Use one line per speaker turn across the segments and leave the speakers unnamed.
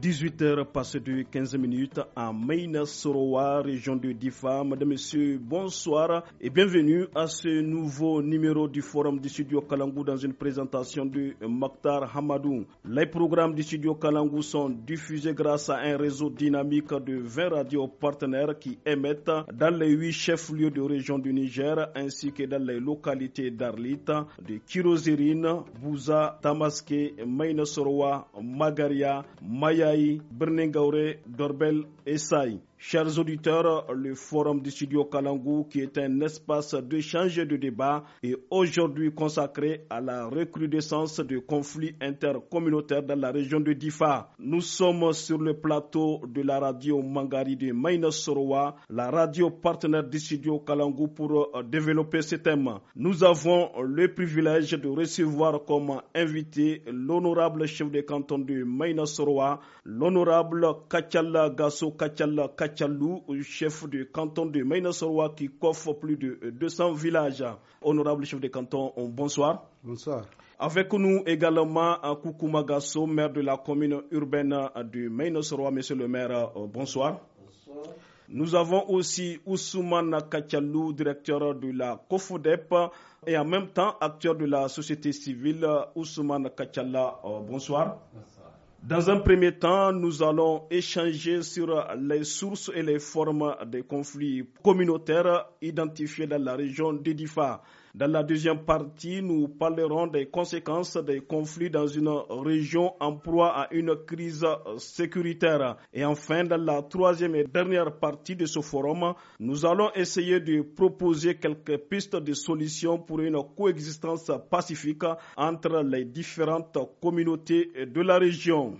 18h passé de 15 minutes à Mainasoroa, Soroa, région de Difa. et messieurs, bonsoir et bienvenue à ce nouveau numéro du Forum du Studio Kalangou dans une présentation de Maktar Hamadou. Les programmes du Studio Kalangou sont diffusés grâce à un réseau dynamique de 20 radios partenaires qui émettent dans les 8 chefs-lieux de région du Niger ainsi que dans les localités d'Arlita, de Kirozirine, Bouza, Tamaske, Maina Magaria, Maya Yayi, birnin gawre Dorbel, Isai Chers auditeurs, le forum du studio Kalangou, qui est un espace d'échange et de débat, est aujourd'hui consacré à la recrudescence de conflits intercommunautaires dans la région de Difa. Nous sommes sur le plateau de la radio Mangari de Maïna la radio partenaire du studio Kalangou pour euh, développer ce thème. Nous avons le privilège de recevoir comme invité l'honorable chef de canton de Maïna l'honorable Kachal Gasso Kachal Kachal chef du canton de Mainosoroa, qui coffre plus de 200 euh, villages. Honorable chef de canton, euh, bonsoir. Bonsoir. Avec nous également euh, Magasso, maire de la commune urbaine de Mainosoroa. Monsieur le maire, bonsoir. Bonsoir. Nous avons aussi Ousmane Kachalou, directeur de la COFODEP et en même temps acteur de la société civile. Ousmane Kachala, Bonsoir. Dans un premier temps, nous allons échanger sur les sources et les formes des conflits communautaires identifiés dans la région d'Edifa. Dans la deuxième partie, nous parlerons des conséquences des conflits dans une région en proie à une crise sécuritaire. Et enfin, dans la troisième et dernière partie de ce forum, nous allons essayer de proposer quelques pistes de solutions pour une coexistence pacifique entre les différentes communautés de la région.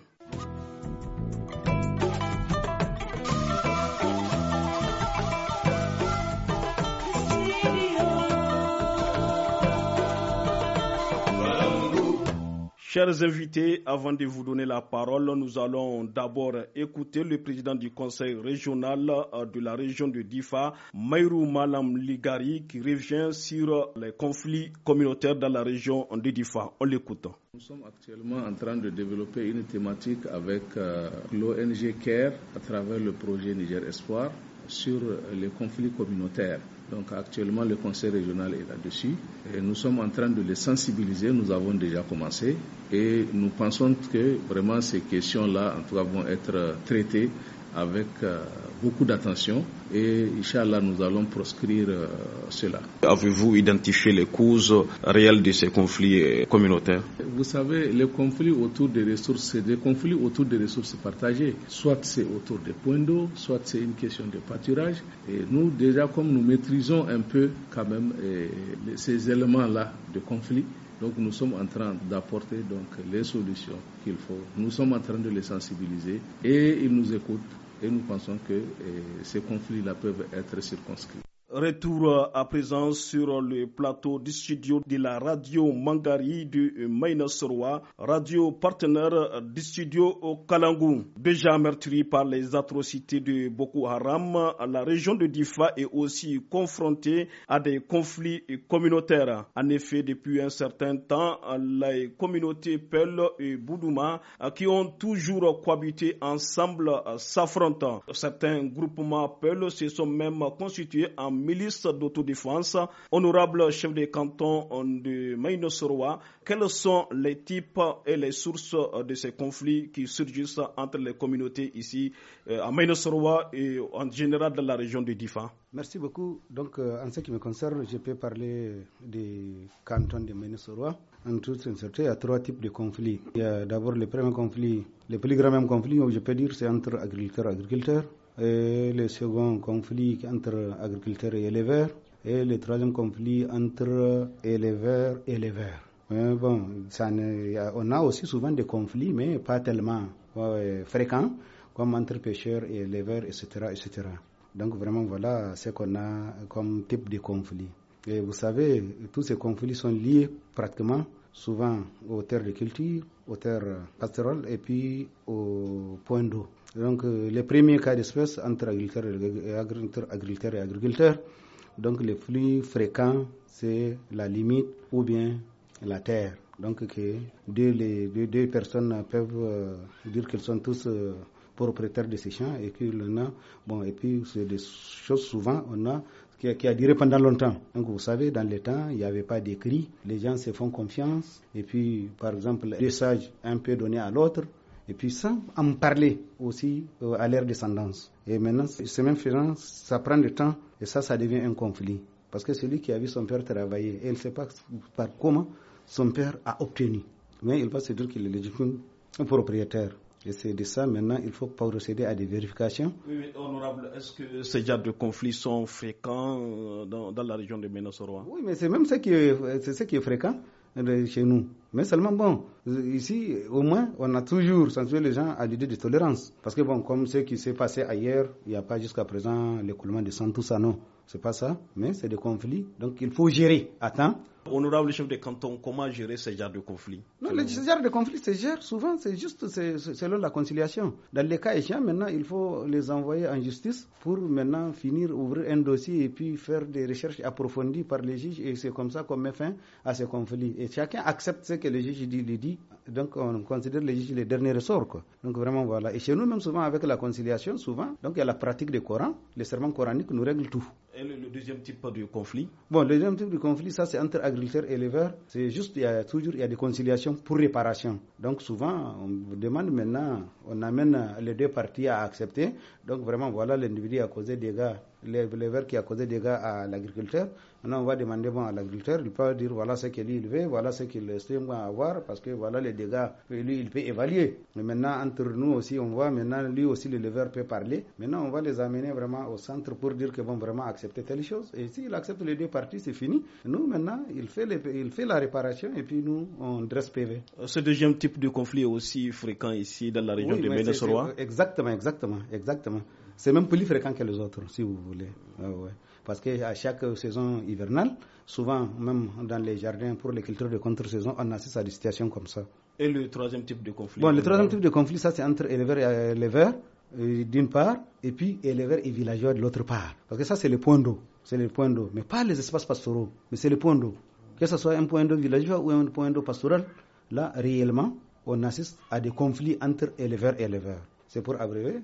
Chers invités, avant de vous donner la parole, nous allons d'abord écouter le président du conseil régional euh, de la région de Difa, Mayrou Malam Ligari,
qui revient sur euh, les
conflits communautaires dans la région de Difa. On l'écoute.
Nous sommes actuellement en train de développer une thématique avec euh, l'ONG CARE à travers le projet Niger Espoir sur les conflits communautaires. Donc actuellement, le Conseil régional est là-dessus. Et nous sommes en train de les sensibiliser. Nous avons déjà commencé. Et nous pensons que vraiment ces questions-là, en tout cas, vont être traitées avec euh, beaucoup d'attention et Inch'Allah nous allons proscrire euh, cela.
Avez-vous identifié les causes réelles de ces conflits euh, communautaires
Vous savez, les conflits autour des ressources, c'est des conflits autour des ressources partagées. Soit c'est autour des points d'eau, soit c'est une question de pâturage. Et nous, déjà, comme nous maîtrisons un peu quand même eh, ces éléments-là de conflit, donc nous sommes en train d'apporter donc les solutions qu'il faut. Nous sommes en train de les sensibiliser et ils nous écoutent. Et nous pensons que eh, ces conflits-là peuvent être circonscrits.
Retour à présent sur le plateau du studio de la radio Mangari de Mainasoroa, radio partenaire du studio au Kalangou. Déjà meurtri par les atrocités de Boko Haram, la région de Difa est aussi confrontée à des conflits communautaires. En effet, depuis un certain temps, les communautés Peul et Boudouma, qui ont toujours cohabité ensemble, s'affrontent. Certains groupements Peul se sont même constitués en ministre d'autodéfense. Honorable chef de canton de Soroa, quels sont les types et les sources de ces conflits qui surgissent entre les communautés ici euh, à Mainosoroa et en général dans la région de Difa
Merci beaucoup. Donc, euh, en ce qui me concerne, je peux parler des cantons de Mainosoroa. En toute sincérité, il y a trois types de conflits. Il y a d'abord le premier conflit, le plus grand même conflit, je peux dire, c'est entre agriculteurs et agriculteurs et le second conflit entre agriculteurs et éleveurs, et le troisième conflit entre éleveurs et éleveurs. bon, ça on a aussi souvent des conflits, mais pas tellement fréquents, comme entre pêcheurs et éleveurs, etc., etc. Donc vraiment, voilà ce qu'on a comme type de conflit. Et vous savez, tous ces conflits sont liés pratiquement souvent aux terres de culture, aux terres pastorales et puis aux points d'eau. Donc, euh, les premiers cas d'espèce entre agriculteurs et, agriculteurs Donc, les flux fréquents, c'est la limite ou bien la terre. Donc, que deux, les, deux, personnes peuvent euh, dire qu'elles sont tous euh, propriétaires de ces champs et le a. Bon, et puis, c'est des choses souvent, on a qui a, duré pendant longtemps. Donc vous savez, dans les temps, il n'y avait pas d'écrit, les gens se font confiance, et puis par exemple, les sages, un peut donner à l'autre, et puis ça, en parler aussi euh, à leur descendance. Et maintenant, c'est même ça prend du temps et ça, ça devient un conflit. Parce que celui qui a vu son père travailler, et il ne sait pas par comment son père a obtenu. Mais il va se dire qu'il est légitime propriétaire. Et c'est de ça, maintenant, il faut pas procéder à des vérifications.
Oui, mais honorable, est-ce que ces genres de conflits sont fréquents euh, dans, la région de Ménosoroa
Oui, mais c'est même ce qui c'est ce qui est fréquent chez nous. Mais seulement, bon, ici, au moins, on a toujours sensu les gens à l'idée de tolérance. Parce que, bon, comme ce qui s'est passé ailleurs, il n'y a pas jusqu'à présent l'écoulement de sang, tout ça, non. C'est pas ça, mais c'est des conflits. Donc il faut gérer Attends.
Honorable chef de canton, comment gérer ces genre de conflits
Non, les genres de conflits se gère souvent, c'est juste selon la conciliation. Dans les cas échéants, maintenant, il faut les envoyer en justice pour maintenant finir, ouvrir un dossier et puis faire des recherches approfondies par les juges. Et c'est comme ça qu'on met fin à ces conflits. Et chacun accepte ce que le juge dit, lui dit. Donc on considère les juges les derniers ressorts. Donc vraiment, voilà. Et chez nous, même souvent avec la conciliation, souvent, donc il y a la pratique du Coran. Les serments coraniques nous règlent tout le, le, deuxième type de conflit Bon, le deuxième type de conflit, ça c'est entre agriculteurs et éleveurs. C'est juste, il y a toujours il y a des conciliations pour réparation. Donc souvent, on demande maintenant, on amène les deux parties à accepter. Donc vraiment, voilà, l'individu a causé des dégâts les, les qui a causé des dégâts à l'agriculteur. Maintenant, on va demander à l'agriculteur, il peut dire voilà ce qu'il veut, voilà ce qu'il estime avoir, parce que voilà les dégâts et lui il peut évaluer. Mais maintenant, entre nous aussi, on voit maintenant lui aussi le lever peut parler. Maintenant, on va les amener vraiment au centre pour dire qu'ils vont vraiment accepter telle chose. Et s'il accepte les deux parties, c'est fini. Nous, maintenant, il fait, il fait la réparation et puis nous, on dresse PV.
Ce deuxième type de conflit est aussi fréquent ici dans la région oui, de Ménesoroa
Exactement, exactement, exactement. C'est même plus fréquent que les autres, si vous voulez. Ah ouais. Parce qu'à chaque saison hivernale, souvent, même dans les jardins pour les cultures de contre-saison, on assiste à des situations comme ça.
Et le troisième type de conflit Bon, le troisième
type de conflit, ça, c'est entre éleveurs et euh, éleveurs, euh, d'une part, et puis éleveurs et villageois de l'autre part. Parce que ça, c'est le point d'eau. C'est le point d'eau. Mais pas les espaces pastoraux, mais c'est le point d'eau. Que ce soit un point d'eau villageois ou un point d'eau pastoral, là, réellement, on assiste à des conflits entre éleveurs et éleveurs. C'est pour abréver,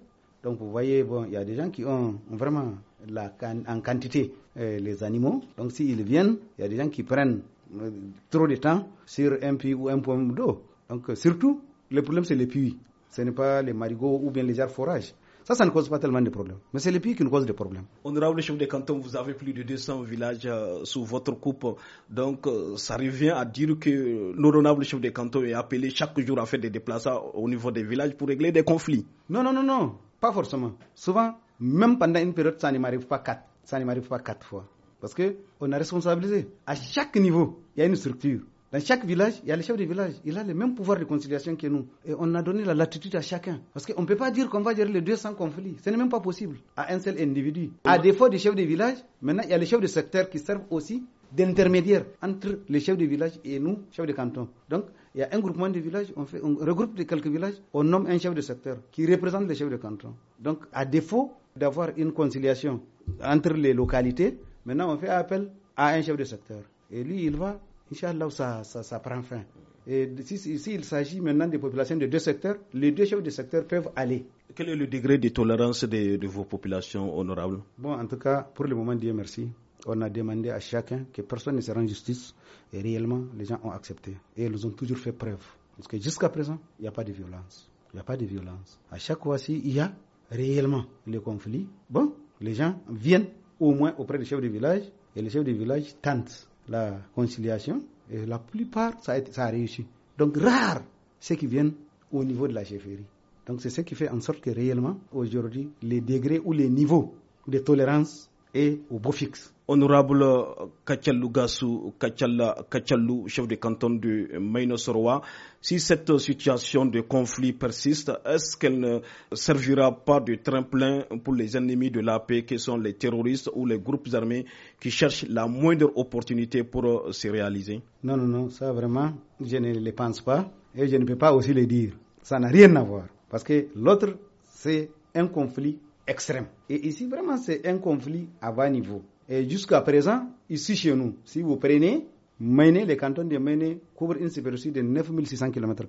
donc vous voyez, il y a des gens qui ont vraiment en quantité euh, les animaux. Donc s'ils viennent, il y a des gens qui prennent euh, trop de temps sur un puits ou un point d'eau. Donc euh, surtout, le problème c'est les puits. Ce n'est pas les marigots ou bien les arbres forages. Ça, ça ne cause pas tellement de problèmes. Mais c'est les puits qui nous causent des problèmes.
Honorable chef de canton, vous avez plus de 200 villages sous votre coupe. Donc, ça revient à dire que l'honorable chef de canton est appelé
chaque jour à faire des déplacements au niveau des villages pour régler des conflits. Non, non, non, non. Pas forcément. Souvent, même pendant une période, ça ne m'arrive pas quatre. Ça ne m'arrive pas quatre fois. Parce qu'on a responsabilisé. À chaque niveau, il y a une structure. Dans chaque village, il y a le chef de village. Il a le même pouvoir de conciliation que nous. Et on a donné la latitude à chacun. Parce qu'on ne peut pas dire qu'on va gérer les 200 conflits. Ce n'est même pas possible à un seul individu. À défaut des chefs de village, maintenant, il y a les chefs de secteur qui servent aussi d'intermédiaire entre les chefs de village et nous, chefs de canton. Donc, il y a un groupement de villages, on, fait, regroupe quelques villages, on nomme un chef de secteur qui représente les chefs de canton. Donc, à défaut d'avoir une conciliation entre les localités, maintenant on fait appel à un chef de secteur. Et lui, il va, Inch'Allah, ça, ça, prend fin. Et s'il s'agit maintenant des populations de deux secteurs, les deux chefs de secteur peuvent aller. Quel est le degré de tolérance
de, de vos populations, honorables
Bon, en tout cas, pour le moment, Dieu merci. On a demandé à chacun que personne ne se rende justice. Et réellement, les gens ont accepté. Et ils ont toujours fait preuve. Parce que jusqu'à présent, il n'y a pas de violence. Il n'y a pas de violence. À chaque fois, il y a réellement le conflit, bon, les gens viennent au moins auprès du chef de village. Et le chef de village tente la conciliation. Et la plupart, ça a, réussi. Donc, rare, ceux qui viennent au niveau de la chefferie. Donc c'est ce qui fait en sorte que réellement, aujourd'hui, les degrés ou les niveaux de tolérance est au beau fixe. Honorable euh,
Kachalou Gassou, Kachalou, chef de canton de Mainosoroa, si cette situation de conflit persiste, est-ce qu'elle ne servira pas de tremplin pour les ennemis de la paix, qui sont les terroristes ou les groupes armés qui cherchent la moindre opportunité pour euh, se réaliser
Non, non, non, ça vraiment, je ne le pense pas et je ne peux pas aussi le dire. Ça n'a rien à voir parce que l'autre, c'est un conflit extrême. Et ici, vraiment, c'est un conflit à bas niveau. Et jusqu'à présent, ici chez nous, si vous prenez Maine, les cantons de Maine couvre une superficie de 9600 km.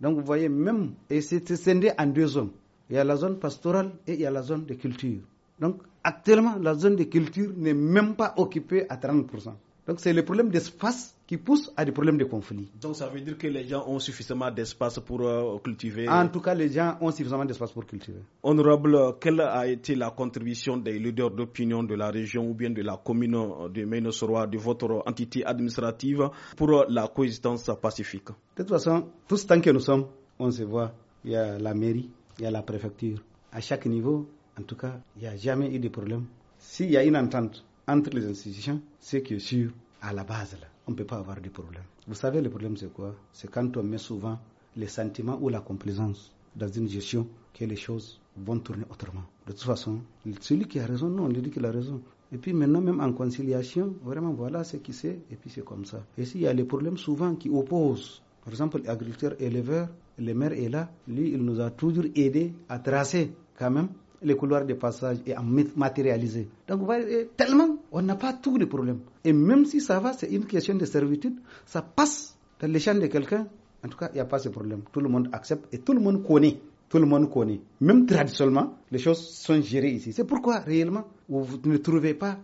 Donc vous voyez même, et c'est scindé en deux zones. Il y a la zone pastorale et il y a la zone de culture. Donc actuellement, la zone de culture n'est même pas occupée à 30%. Donc c'est le problème d'espace qui pousse à des problèmes de conflit.
Donc ça veut dire que les gens ont suffisamment d'espace pour euh, cultiver En tout
cas, les gens ont suffisamment d'espace pour cultiver. Honorable, quelle
a été la contribution des leaders d'opinion de la région ou bien de la commune euh, de Ménosoroa, de votre entité administrative, pour euh, la coexistence pacifique
De toute façon, tout ce temps que nous sommes, on se voit. Il y a la mairie, il y a la préfecture. À chaque niveau, en tout cas, il n'y a jamais eu de problème. S'il y a une entente, entre les institutions, c'est que sur, à la base, là, on ne peut pas avoir de problème. Vous savez, le problème, c'est quoi C'est quand on met souvent les sentiments ou la complaisance dans une gestion que les choses vont tourner autrement. De toute façon, celui qui a raison, non, on lui dit qu'il a raison. Et puis maintenant, même en conciliation, vraiment, voilà ce qui c'est, et puis c'est comme ça. Et s'il y a les problèmes souvent qui opposent, par exemple, l'agriculteur éleveur, le maire est là, lui, il nous a toujours aidé à tracer quand même les couloirs de passage et à matérialiser. Donc, vous tellement, on n'a pas tous les problèmes. Et même si ça va, c'est une question de servitude, ça passe dans les champs de quelqu'un. En tout cas, il n'y a pas ce problème. Tout le monde accepte et tout le monde connaît. Tout le monde connaît. Même traditionnellement, les choses sont gérées ici. C'est pourquoi, réellement, vous ne trouvez pas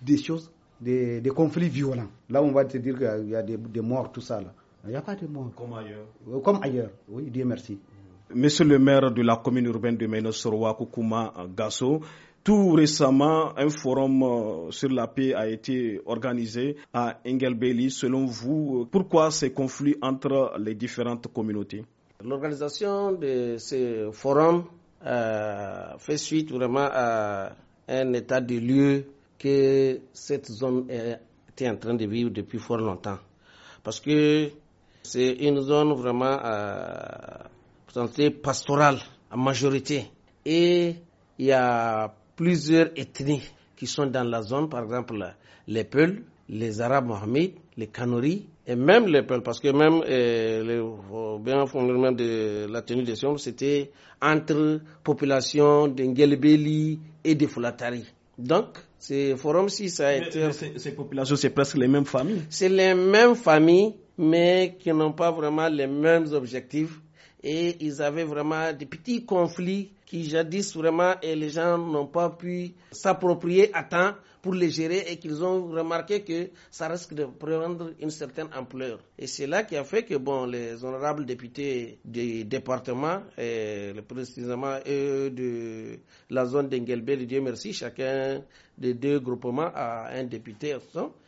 des choses, des, conflits violents. Là, on va te dire qu'il y a des, morts, tout ça. Là. Il n'y a pas de morts. Comme ailleurs. Euh, comme ailleurs, oui, Dieu merci.
Monsieur le maire de la commune urbaine de Menosoroa, Koukouma Gasso, tout récemment, un forum euh, sur la paix a été organisé à Engelbeli. Selon vous, euh, pourquoi ces conflits entre les différentes communautés
L'organisation de ce forum euh, fait suite vraiment à un état de lieu que cette zone était en train de vivre depuis fort longtemps. Parce que c'est une zone vraiment santé pastorale à majorité. Et il y a plusieurs ethnies qui sont dans la zone, par exemple les Peuls, les Arabes Mohamed, les Kanouris, et même les Peuls, parce que même euh, le bien fondement de la tenue des Sion, c'était entre populations d'Engelbeli et de Fulatari. Donc, ces forums ci ça a été... ces populations,
c'est presque les mêmes familles.
C'est les mêmes familles, mais qui n'ont pas vraiment les mêmes objectifs et ils avaient vraiment des petits conflits qui jadis vraiment et les gens n'ont pas pu s'approprier à temps pour les gérer et qu'ils ont remarqué que ça risque de prendre une certaine ampleur. Et c'est là qui a fait que bon, les honorables députés du département, et précisément eux de la zone d'Engelbel, Dieu merci, chacun des deux groupements a un député.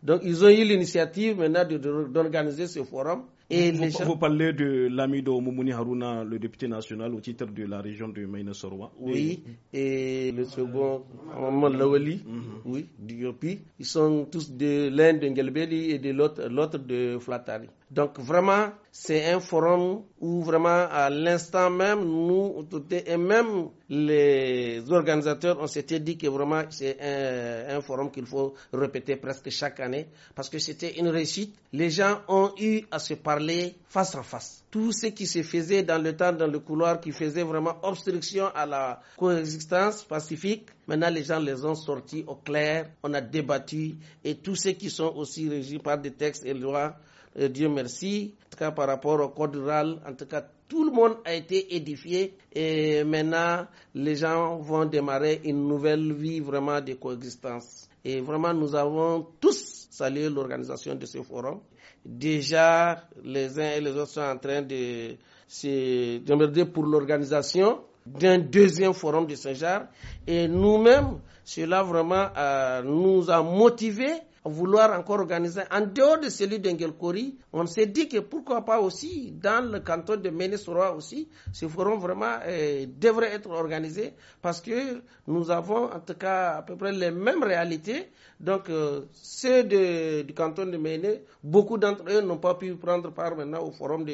Donc ils ont eu l'initiative maintenant d'organiser ce forum vous, vous, parlez de
l'amido Moumouni Harouna, le député national au titre de la région de Maïna Oui,
et, le second, Maman Lawali, mhm. oui, du Ils sont tous de l'un de Ngelbeli et de l'autre de Flatari. Donc vraiment, c'est un forum où vraiment à l'instant même, nous et même les organisateurs, on s'était dit que vraiment c'est un, forum qu'il faut répéter presque chaque année parce que c'était une réussite. Les gens ont eu à se parler face à face. Tout ce qui se faisait dans le temps, dans le couloir, qui faisait vraiment obstruction à la coexistence pacifique, maintenant les gens les ont sortis au clair, on a débattu et tous ceux qui sont aussi régis par des textes et lois euh, Dieu merci, en tout cas par rapport au code rural, en tout cas tout le monde a été édifié et maintenant les gens vont démarrer une nouvelle vie vraiment de coexistence. Et vraiment, nous avons tous salué l'organisation de ce forum. Déjà, les uns et les autres sont en train de se demander pour l'organisation d'un deuxième forum de Saint-Jacques. Et nous-mêmes, cela vraiment euh, nous a motivés vouloir encore organiser en dehors de celui d'Engelkori, on s'est dit que pourquoi pas aussi dans le canton de Ménesoroa aussi, ce forum vraiment euh, devrait être organisé parce que nous avons en tout cas à peu près les mêmes réalités. Donc euh, ceux du canton de Méné, beaucoup d'entre eux n'ont pas pu prendre part maintenant au forum de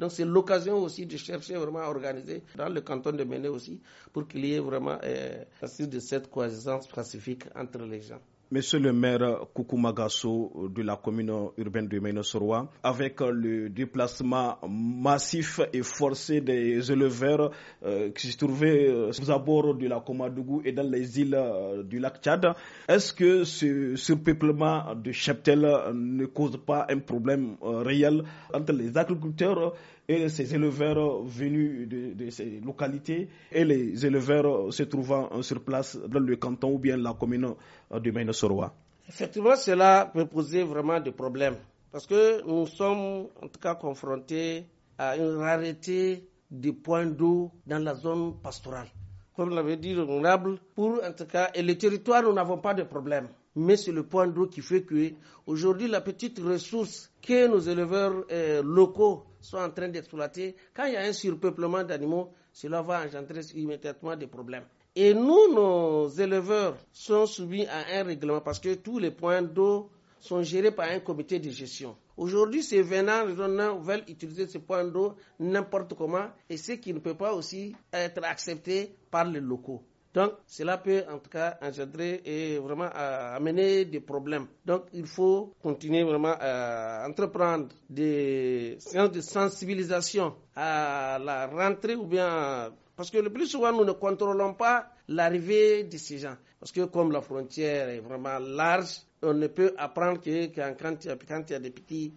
Donc c'est l'occasion aussi de chercher vraiment à organiser dans le canton de Méné aussi pour qu'il y ait vraiment euh, de cette coexistence pacifique entre les gens.
Monsieur le maire Koukoumagasso de la commune urbaine de Mainosoroa,
avec le déplacement
massif et forcé des éleveurs euh, qui se trouvaient euh, aux abords de la Komadougou et dans les îles euh, du lac Tchad, est-ce que ce surpeuplement de cheptel ne cause pas un problème euh, réel entre les agriculteurs et ces éleveurs venus de, ces localités et les éleveurs se trouvant euh, sur place dans le canton ou bien la commune euh, de Soroa.
Effectivement, cela peut poser vraiment des problèmes parce que nous sommes en tout cas confrontés à une rareté des points d'eau dans la zone pastorale. Comme l'avait dit l'honorable, pour en tout cas, et le territoire, nous n'avons pas de problème mais c'est le point d'eau qui fait que aujourd'hui la petite ressource que nos éleveurs euh, locaux sont en train d'exploiter, quand il y a un surpeuplement d'animaux, cela va engendrer immédiatement des problèmes. Et nous, nos éleveurs sont soumis à un règlement parce que tous les points d'eau sont gérés par un comité de gestion. Aujourd'hui, ces venants régionaux veulent utiliser ces points d'eau n'importe comment et ce qui ne peut pas aussi être accepté par les locaux. Donc, cela peut en tout cas engendrer et vraiment euh, amener des problèmes. Donc, il faut continuer vraiment à euh, entreprendre des séances de sensibilisation à la rentrée ou bien parce que le plus souvent, nous ne contrôlons pas l'arrivée de ces gens. Parce que comme la frontière est vraiment large, on ne peut apprendre que quand il y a, quand il y a des petits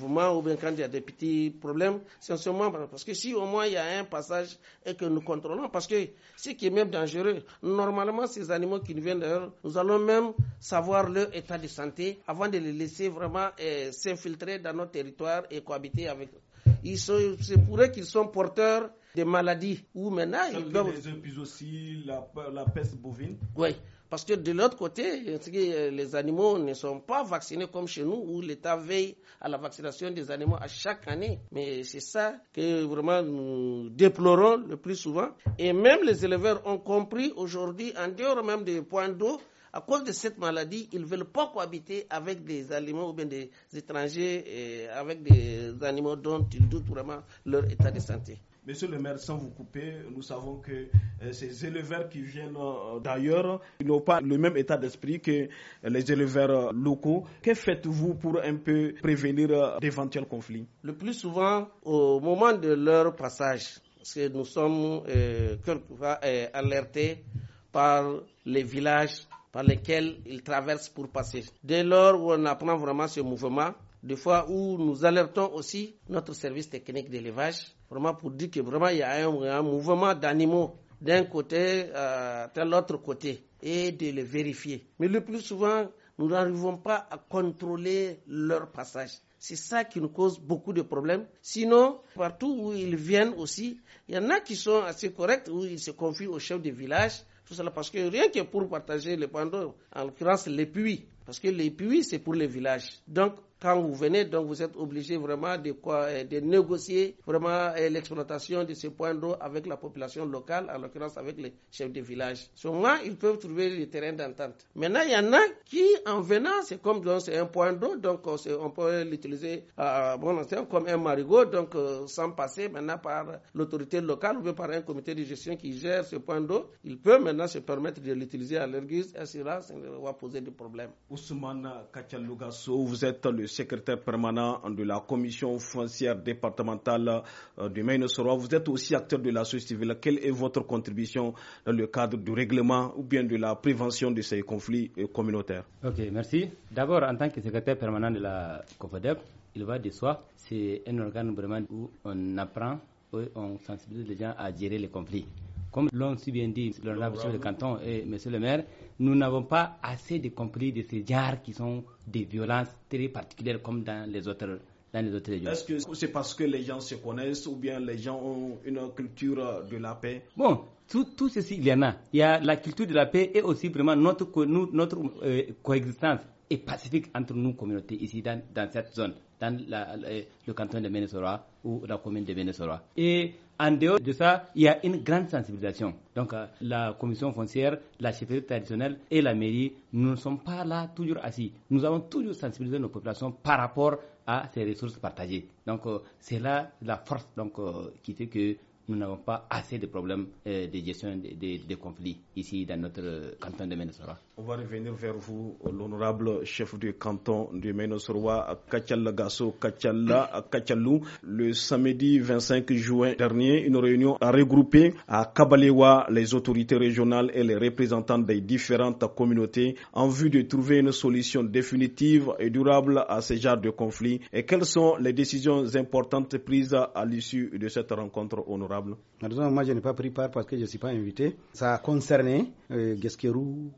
ou bien quand il y a des petits problèmes, c'est moment. parce que si au moins il y a un passage et que nous contrôlons, parce que ce qui est même dangereux, normalement ces animaux qui nous viennent d'ailleurs, nous allons même savoir leur état de santé avant de les laisser vraiment eh, s'infiltrer dans notre territoire et cohabiter avec eux. C'est pour eux qu'ils sont porteurs de maladies ou maintenant
ils aussi, la,
la peste bovine. Oui. Parce que de l'autre côté, euh, les animaux ne sont pas vaccinés comme chez nous, où l'État veille à la vaccination des animaux à chaque année. Mais c'est ça que vraiment nous déplorons le plus souvent. Et même les éleveurs ont compris aujourd'hui, en dehors même des points d'eau, à cause de cette maladie, ils ne veulent pas cohabiter avec des animaux ou bien des étrangers, et avec des animaux dont ils doutent vraiment leur état de santé. Monsieur le maire, sans vous couper, nous savons que euh, ces éleveurs qui
viennent euh, d'ailleurs n'ont pas le même état d'esprit que les éleveurs euh, locaux. Que faites-vous pour un peu prévenir d'éventuels conflits
Le plus souvent, au moment de leur passage, nous sommes alertés par les villages par lesquels ils traversent pour passer. Dès lors où on apprend vraiment ce mouvement, des fois où nous alertons aussi notre service technique d'élevage Vraiment pour dire que vraiment il y a un, mouvement d'animaux d'un côté à euh, l'autre côté et de les vérifier. Mais le plus souvent, nous n'arrivons pas à contrôler leur passage. C'est ça qui nous cause beaucoup de problèmes. Sinon, partout où ils viennent aussi, il y en a qui sont assez corrects, où ils se confient au chef de village, tout cela parce que rien que pour partager les pandos, en l'occurrence les puits, parce que les puits c'est pour les villages. Donc quand vous venez, donc vous êtes obligé vraiment de, quoi, euh, de négocier vraiment euh, l'exploitation de ce point d'eau avec la population locale, en l'occurrence avec les chefs de village. Souvent ils peuvent trouver le terrain d'entente. Maintenant, il y en a qui, en venant, c'est comme c'est un point d'eau, donc euh, on, peut l'utiliser à bon ancien comme un marigot, donc sans passer maintenant par l'autorité locale ou par un comité de gestion qui gère ce point d'eau. Ils peuvent maintenant se permettre de l'utiliser à leur guise et cela, ça va poser des problèmes. Ousmane
vous êtes le secrétaire permanent de la commission foncière départementale euh, du maine loire Vous êtes aussi acteur de la société civile. Quelle est votre contribution dans le cadre du règlement ou bien de la prévention de ces conflits euh, communautaires
Ok, merci. D'abord, en tant que secrétaire permanent de la COFADEP, il va de soi, c'est un organe vraiment où on apprend, et on sensibilise les gens à gérer les conflits. Comme l'ont si bien dit le canton et monsieur le maire, nous n'avons pas assez de compris de ces genres qui sont des violences très particulières comme dans les autres est-ce
que c'est parce que les gens se connaissent ou bien les gens ont une culture de la paix
Bon, tout, ceci, il y en a. Il y a la culture de la paix et aussi vraiment notre, notre euh, coexistence est pacifique entre nos communautés, ici dans, cette zone, dans le, canton de Ménesora ou la commune de Ménesora. Et en dehors de ça, il y a une grande sensibilisation. Donc euh, la commission foncière, la chefferie traditionnelle et la mairie, nous ne sommes pas là toujours assis. Nous avons toujours sensibilisé nos populations par rapport à ces ressources partagées. Donc euh, c'est là la force euh, qui fait que nous n'avons pas assez de problèmes euh, de gestion des conflits ici dans notre euh, canton de Ménosoroa.
On va revenir vers vous, l'honorable chef du canton de Ménosoroa, Kachal Gasso Kachalla Kachalou. Le samedi 25 juin dernier, une réunion a regroupé à Kabalewa les autorités régionales et les représentants des différentes communautés en vue de trouver une solution définitive et durable à ces genre de conflits. Et quelles sont les décisions importantes prises à l'issue de cette rencontre honorable?
moi, je n'ai pas pris part parce que je ne suis pas invité. Ça a concerné euh, eh,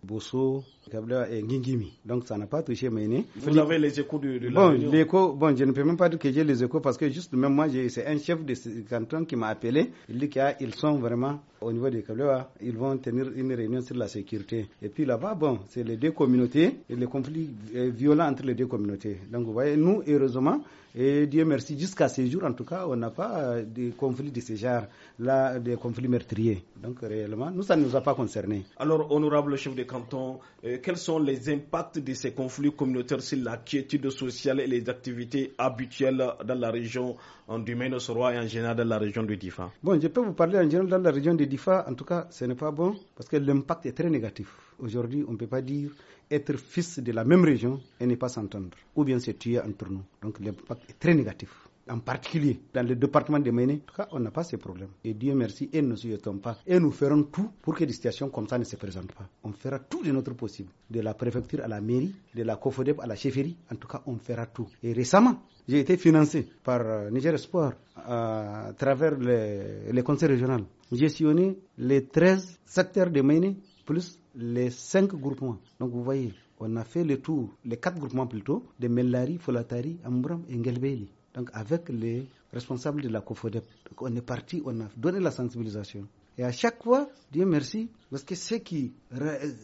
Bosso, kabloa et eh, Ngingimi. Donc, ça n'a pas touché Vous
avez les échos de, Bon,
je ne peux même pas dire que j'ai les échos parce que juste même moi, c'est un chef de canton qui m'a appelé. Il dit qu'ils sont vraiment au niveau de kabloa ils vont tenir une réunion sur la sécurité. Et puis là-bas, bon, c'est les deux communautés et les conflits eh, violent entre les deux communautés. Donc, vous voyez, nous, heureusement, et Dieu merci, jusqu'à ces jours, en tout cas, on n'a pas euh, de conflits de ce genre-là, des conflits meurtriers. Donc, réellement, nous, ça ne nous a pas concernés.
Alors, honorable chef de canton, euh, quels sont les impacts de ces conflits communautaires sur la quiétude sociale et les activités habituelles dans la région en domaine roi et en général dans la région de Difa
Bon, je peux vous parler en général dans la région de Difa. En tout cas, ce n'est pas bon parce que l'impact est très négatif. Aujourd'hui, on ne peut pas dire être fils de la même région et ne pas s'entendre, ou bien se tuer entre nous. Donc l'impact est très négatif en particulier dans le département de Méné, en tout cas, on n'a pas ces problèmes. Et Dieu merci, et nous souhaitons pas. Et nous ferons tout pour que des situations comme ça ne se présentent pas. On fera tout de notre possible. De la préfecture à la mairie, de la COFODEP à la chefferie, en tout cas, on fera tout. Et récemment, j'ai été financé par euh, Niger Espoir à travers le conseil conseils régionaux. J'ai sillonné les 13 secteurs de Méné, plus les cinq groupements. Donc vous voyez, on a fait le tour, les quatre groupements plutôt, de Mellari, Folatari, Ambram et Ngelbeli. Donc avec les responsables de la COFODEP. Donc on est parti, on a donné la sensibilisation. Et à chaque fois, Dieu merci, parce que ce qui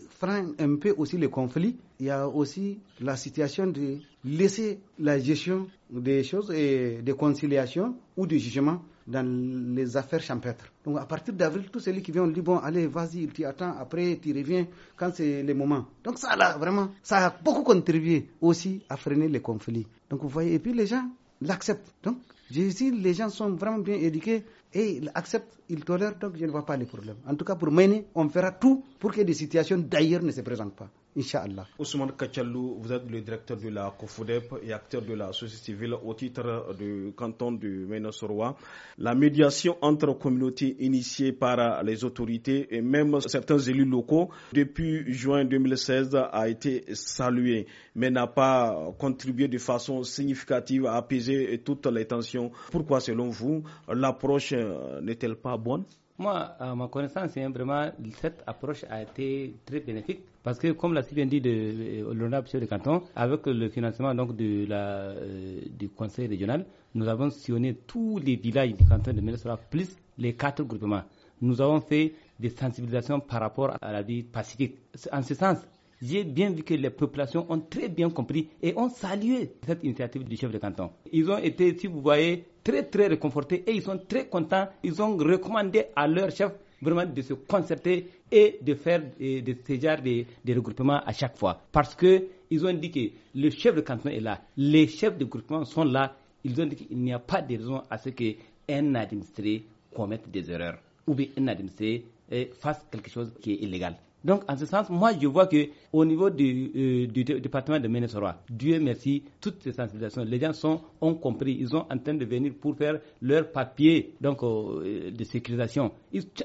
freine un peu aussi le conflit, il y a aussi la situation de laisser la gestion des choses et des conciliations ou des jugements dans les affaires champêtres. Donc à partir d'avril, tous ceux qui viennent, on dit bon, allez, vas-y, tu attends, après tu reviens quand c'est le moment. Donc ça là, vraiment, ça a beaucoup contribué aussi à freiner les conflits. Donc vous voyez, et puis les gens l'acceptent. Donc si les gens sont vraiment bien éduqués et ils acceptent, ils tolèrent, donc je ne vois pas les problèmes. En tout cas, pour mener, on fera tout pour que des situations d'ailleurs ne se présentent pas. Inch'Allah.
Ousmane Kachalou, vous êtes le directeur de la COFODEP et acteur de la société civile au titre du canton de Ménosoroa. La médiation entre communautés initiée par les autorités et même certains élus locaux depuis juin 2016 a été saluée, mais n'a pas contribué de façon significative à apaiser toutes les tensions. Pourquoi, selon vous,
l'approche n'est-elle pas bonne moi, à ma connaissance, hein, vraiment, cette approche a été très bénéfique parce que, comme l'a si bien dit l'honorable chef de canton, avec le financement donc de la, euh, du conseil régional, nous avons sillonné tous les villages du canton de Ménesora, plus les quatre groupements. Nous avons fait des sensibilisations par rapport à la vie pacifique. En ce sens, j'ai bien vu que les populations ont très bien compris et ont salué cette initiative du chef de canton. Ils ont été, si vous voyez, très très réconfortés et ils sont très contents. Ils ont recommandé à leur chef vraiment de se concerter et de faire des ces de, regroupements à chaque fois. Parce que ils ont dit que le chef de canton est là, les chefs de regroupement sont là. Ils ont dit qu'il n'y a pas de raison à ce qu'un administré commette des erreurs ou bien un administré eh, fasse quelque chose qui est illégal. Donc, en ce sens, moi, je vois que au niveau du, euh, département de Ménesoroa, Dieu merci, toutes ces sensibilisations, les gens sont, ont compris, ils sont en train de venir pour faire leur papier donc, euh, de sécurisation.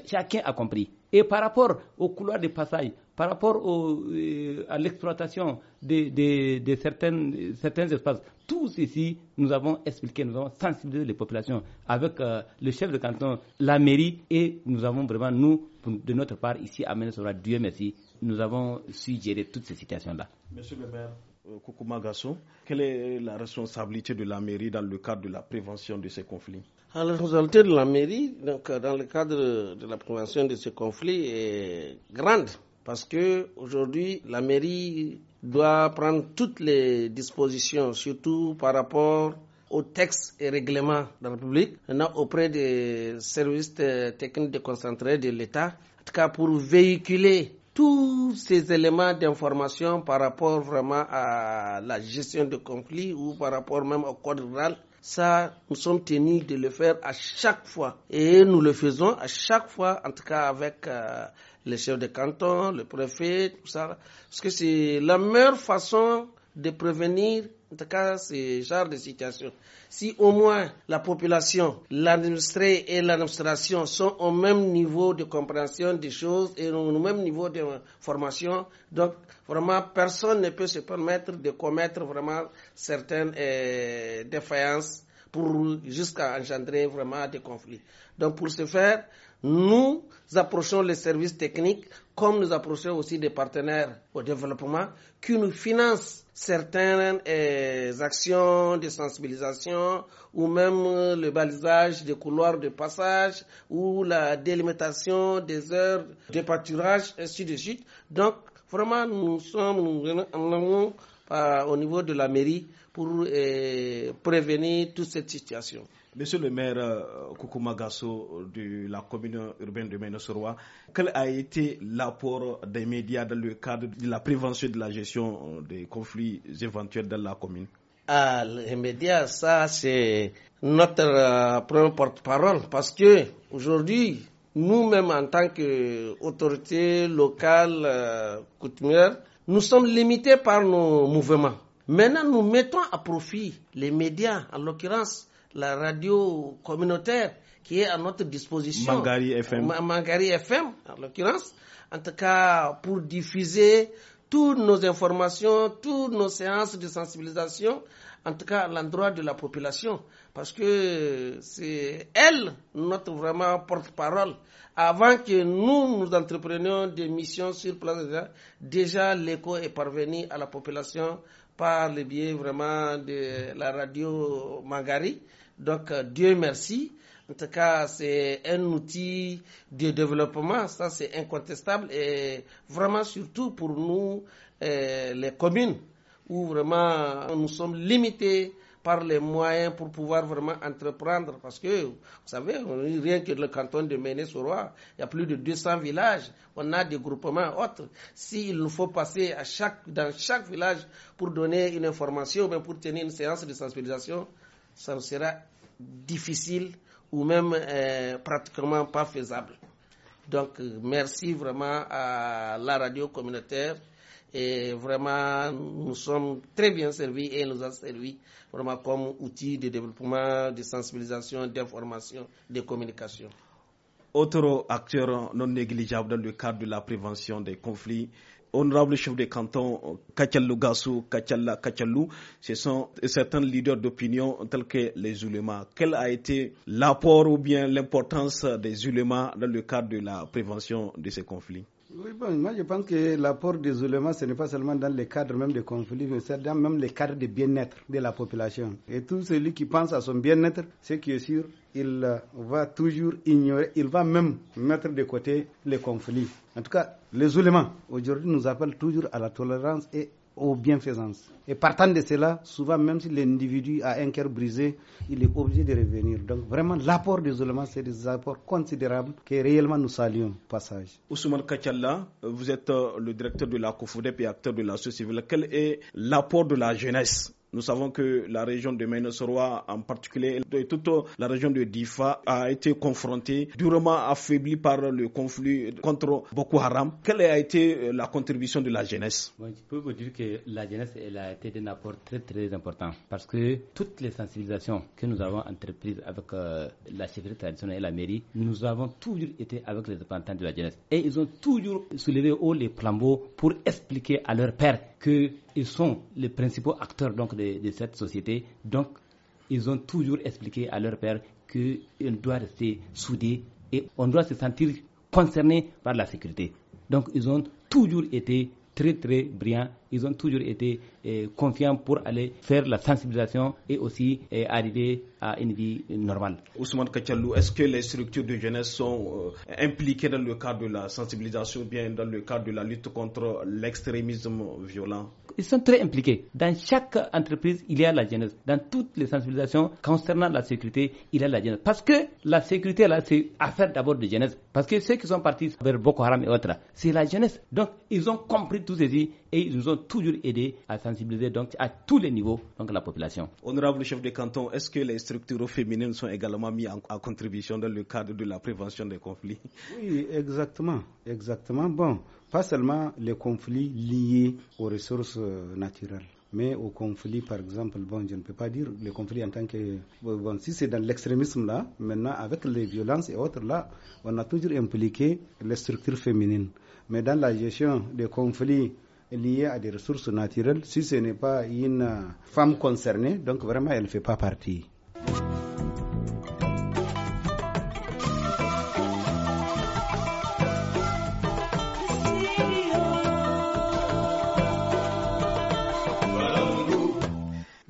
chacun a compris. Et par rapport au couloir de passage, par rapport euh, à l'exploitation de, certaines, certains espaces, tout ceci, nous avons expliqué, nous avons sensibilisé les populations avec le chef de canton, la mairie, et nous avons vraiment, nous, de notre part, ici à Ménesora, Dieu merci, nous avons suggéré de toutes ces situations-là.
Monsieur le maire,
euh, Koukou Magasso, quelle est la responsabilité de la mairie dans le cadre de la prévention de ces conflits
ah, La responsabilité de la mairie, donc, euh, dans le cadre de la prévention de ces conflits, est grande parce que aujourd'hui la mairie doit prendre toutes les dispositions, surtout par rapport aux textes et règlements de la République, auprès des services euh, techniques déconcentrés de l'État, en tout cas pour véhiculer tous ces éléments d'information par rapport vraiment à la gestion de conflits ou par rapport même au code rural, ça, nous sommes tenus de le faire à chaque fois. Et nous le faisons à chaque fois, en tout cas avec euh, les chefs de canton, le préfet, tout ça. Parce que c'est la meilleure façon de prévenir en tout cas, ce genre de situation. Si au moins la population, l'administré et l'administration sont au même niveau de compréhension des choses et au même niveau de formation, donc vraiment personne ne peut se permettre de commettre vraiment certaines euh, défaillances pour jusqu'à engendrer vraiment des conflits. Donc pour ce faire, nous approchons les services techniques comme nous approchons aussi des partenaires au développement qui nous financent certaines euh, actions de sensibilisation ou même euh, le balisage des couloirs de passage ou la délimitation des heures de pâturage, ainsi de suite. Donc, vraiment, nous sommes, euh, au niveau de la mairie pour prévenir toute cette situation. Monsieur le maire euh,
Magasso de la commune urbaine de Ménosoroa, quel a été l'apport des médias dans le cadre de la prévention de la gestion euh, des conflits éventuels dans la commune
ah, les médias, ça, c'est notre euh, premier porte-parole parce que aujourd'hui, nous-mêmes, en tant qu'autorité locale coutumière, nous sommes limités par nos mouvements. Maintenant, nous mettons à profit les médias, en l'occurrence la radio communautaire qui est à notre disposition. Mangari FM. Mangari FM, en l'occurrence. En tout cas, pour diffuser toutes nos informations, toutes nos séances de sensibilisation, en tout cas l'endroit de la population. Parce que c'est elle, notre vraiment porte-parole. Avant que nous, nous entreprenions des missions sur place, déjà l'écho est parvenu à la population par le biais vraiment de la radio Mangari. Donc, euh, Dieu merci. En tout cas, c'est un outil de développement, ça c'est incontestable. Et vraiment, surtout pour nous, euh, les communes, où vraiment nous sommes limités par les moyens pour pouvoir vraiment entreprendre. Parce que, vous savez, rien que le canton de Méné-sur-Roi, il y a plus de 200 villages, on a des groupements autres. S'il nous faut passer dans chaque village pour donner une information, ou pour tenir une séance de sensibilisation, ça sera difficile ou même euh, pratiquement pas faisable. Donc, euh, merci vraiment à la radio communautaire. Et vraiment, nous sommes très bien servis et nous a servi vraiment comme outil de développement, de sensibilisation, d'information, de communication.
Autre acteur non négligeable dans le cadre de la prévention des conflits, honorable chef de canton Kachalou Gassou, Kachalla Kachalou, ce sont certains leaders d'opinion tels que les ulémas. Quel a été l'apport ou bien l'importance des ulémas dans le cadre de la prévention de ces conflits
oui, bon, moi je pense que l'apport des ulémas, ce n'est pas seulement dans les cadres même des conflits, mais c'est dans même les cadres de bien-être de la population. Et tout celui qui pense à son bien-être, ce qui est sûr, il euh, va toujours ignorer, il va même mettre de côté les conflits. En tout cas, les ulémas, aujourd'hui, nous appellent toujours à la tolérance et aux bienfaisances. Et partant de cela, souvent, même si l'individu a un cœur brisé, il est obligé de revenir. Donc, vraiment, l'apport des éléments, c'est des apports considérables que réellement nous saluons. Passage.
Ousmane Kachalla, vous êtes euh, le directeur de la COFODEP et acteur de la société civile. Quel est l'apport de la jeunesse nous savons que la région de Ménosoroa en particulier, et toute la région de Difa a été confrontée, durement affaiblie par le conflit contre Boko Haram. Quelle a été euh, la contribution de la
jeunesse Je peux vous dire que la jeunesse elle a été d'un apport très très important parce que toutes les sensibilisations que nous avons entreprises avec euh, la sécurité traditionnelle et la mairie, nous avons toujours été avec les représentants de la jeunesse et ils ont toujours soulevé haut les flambeaux pour expliquer à leurs pères qu'ils sont les principaux acteurs donc, de, cette société. Donc, ils ont toujours expliqué à leur père qu'il doit rester soudé et on doit se sentir concerné par la sécurité. Donc, ils ont toujours été très, très brillants ils ont toujours été euh, confiants pour aller faire la sensibilisation et aussi euh, arriver à une vie normale. Ousmane Kachalou, est-ce
que les structures de jeunesse sont euh, impliquées dans le cadre de la sensibilisation ou bien dans le cadre de la
lutte contre l'extrémisme violent Ils sont très impliqués. Dans chaque entreprise, il y a la jeunesse. Dans toutes les sensibilisations concernant la sécurité, il y a la jeunesse. Parce que la sécurité, là, c'est affaire d'abord de jeunesse. Parce que ceux qui sont partis vers Boko Haram et autres, c'est la jeunesse. Donc, ils ont compris tout ceci et ils nous ont toujours aidés à sensibiliser donc à tous les niveaux donc la population.
Honorable chef de canton, est-ce que les structures féminines sont également mises en, contribution dans le cadre de la prévention des conflits
Oui, exactement, exactement. Bon, pas seulement les conflits liés aux ressources euh, naturelles mais aux conflits, par exemple, bon, je ne peux pas dire les conflits en tant que. Bon, si c'est dans l'extrémisme là, maintenant avec les violences et autres là, on a toujours impliqué les structures féminines. Mais dans la gestion des conflits liée à des ressources naturelles. Si ce n'est pas une femme concernée, donc vraiment elle ne fait pas partie.